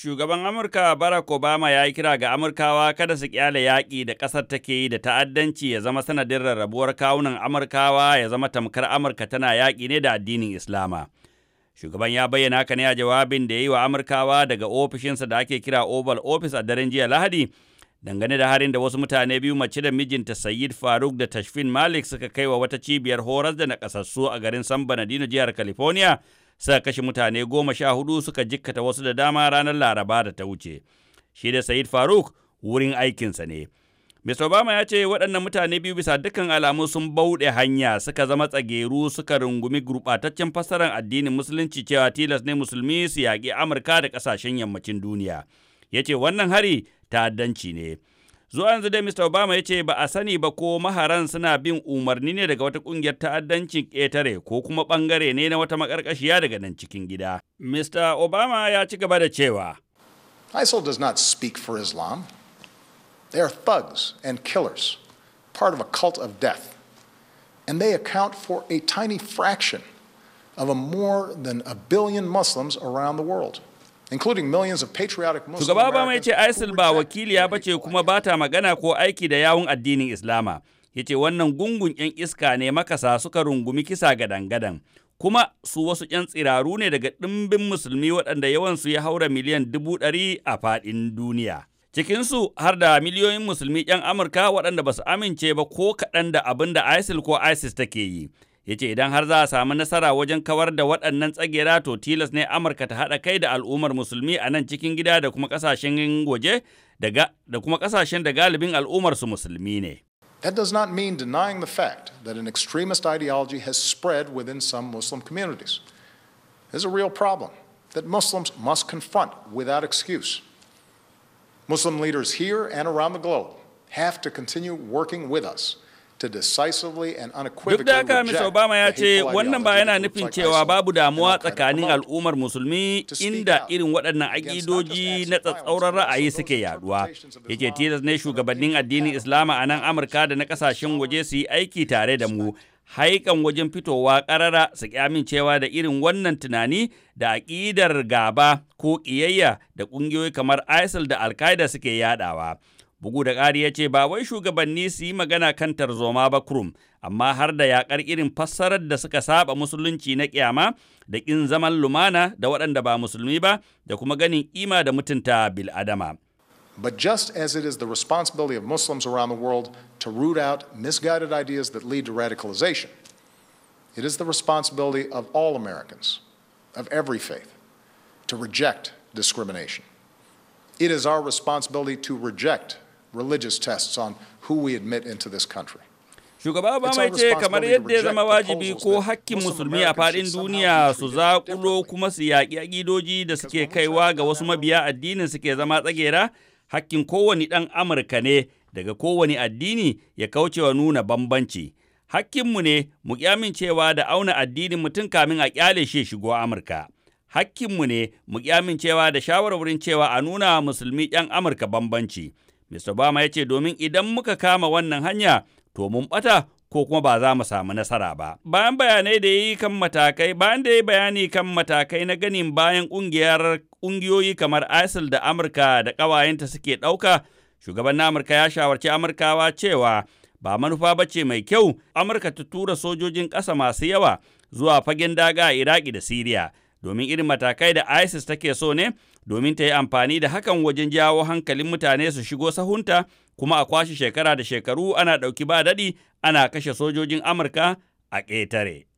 Shugaban Amurka Barack Obama ya yi kira ga Amurkawa kada su kyale yaƙi da ƙasar take yi da ta'addanci ya zama sanadin rarrabuwar kawunan Amurkawa ya zama tamkar Amurka tana yaƙi ne da addinin Islama. Shugaban ya bayyana haka ne a jawabin da ya yi wa Amurkawa daga ofishinsa da ake kira Oval Office a daren jiya Lahadi dangane da harin da wasu mutane biyu mace da mijinta Sayyid Faruk da Tashfin Malik suka kai wa wata cibiyar horas da nakasassu a garin San Bernardino jihar California suka kashe mutane goma sha hudu suka jikkata wasu da dama ranar laraba da ta wuce shi da Said Faruk wurin aikinsa ne. Mr. Obama ya ce waɗannan mutane biyu bisa dukkan alamu sun bauɗe hanya suka zama tsageru suka rungumi gurɓataccen fassarar addinin musulunci cewa tilas ne musulmi su yaƙi Amurka da ƙasashen yammacin duniya. Ya ce wannan hari ta'addanci ne. Zuwa yanzu dai Mr. Obama ya ce ba a sani ba ko maharan suna bin umarni ne daga wata kungiyar ta'addancin ƙetare ko kuma ɓangare ne na wata maƙarƙashiya daga nan cikin gida. Mr. Obama ya ci gaba da cewa. ISIL does not speak for Islam. They are thugs and killers, part of a cult of death. And they account for a tiny fraction of a more than a billion Muslims around the world. Shugaba Obama ya ce ISIL ba wakiliya ba ce kuma ba ta magana ko aiki da yawun addinin Islama. Ya ce wannan gungun 'yan iska ne makasa suka rungumi kisa gadan-gadan. Kuma su wasu 'yan tsiraru ne daga ɗimbin musulmi waɗanda yawansu ya haura miliyan dubu ɗari a faɗin duniya. Cikinsu har da miliyoyin musulmi 'yan Amurka waɗanda ba su amince ba ko kaɗan da abin da ISIL ko ISIS take yi. ya ce idan har za a samu nasara wajen kawar da waɗannan tsagera to tilas ne amurka ta haɗa kai da al'ummar musulmi a nan cikin gida da kuma ƙasashen waje da kuma ƙasashen da galibin al'ummar su musulmi ne That does not mean denying the fact that an extremist ideology has spread within some Muslim communities. There's a real problem that Muslims must confront without excuse. Muslim leaders here and around the globe have to continue working with us to decisively and unequivocally Duk da haka Mr. Obama ya ce wannan ba yana nufin cewa babu damuwa tsakanin al'ummar musulmi inda irin waɗannan agidoji na tsatsauran ra'ayi suke yaduwa. Yake tilas ne shugabannin addinin Islama a nan Amurka da na ƙasashen waje su yi aiki tare da mu. haikan wajen fitowa ƙarara su amincewa da irin wannan tunani da aƙidar gaba ko ƙiyayya da ƙungiyoyi kamar ISIL da al suke yadawa. Bugu da ƙari ya ce ba wai shugabanni su yi magana kan tarzoma ba kurum, amma har da yaƙar irin fassarar da suka saba musulunci na ƙyama da ƙin zaman lumana da waɗanda ba musulmi ba da kuma ganin ima da mutunta bil'adama. But just as it is the responsibility of Muslims around the world to root out misguided ideas that lead to radicalization, it is the responsibility of all Americans, of every faith, to reject discrimination. It is our responsibility to reject religious tests on who we admit into this country. Shugaba Obama ya ce kamar yadda ya zama wajibi ko hakkin musulmi a faɗin duniya su zaƙulo kuma su yaƙi aƙidoji da suke kaiwa ga wasu mabiya addinin suke zama tsagera, hakkin kowane ɗan Amurka ne daga kowane addini ya kaucewa nuna bambanci. Hakkinmu ne mu cewa da auna addinin mutum kamin a ƙyale shi shigo Amurka. Hakkinmu ne mu cewa da shawarwarin cewa a nuna musulmi ‘yan Amurka bambanci. Mr. Obama ya ce domin idan muka kama wannan hanya to mun bata ko kuma ba za mu samu nasara ba. Bayan bayanai da yi kan matakai, bayan da yi bayani kan matakai na ganin bayan ƙungiyar ƙungiyoyi kamar ISIL da Amurka da ƙawayenta suke ɗauka, shugaban na Amurka ya shawarci Amurkawa cewa ba manufa ba ce mai kyau Amurka ta tura sojojin ƙasa masu yawa zuwa fagen daga a Iraki da Siriya. domin irin matakai da ISIS take so ne domin ta yi amfani da hakan wajen jawo hankalin mutane su shigo sahunta kuma a kwashe shekara da shekaru ana ɗauki ba daɗi ana kashe sojojin Amurka a ƙetare.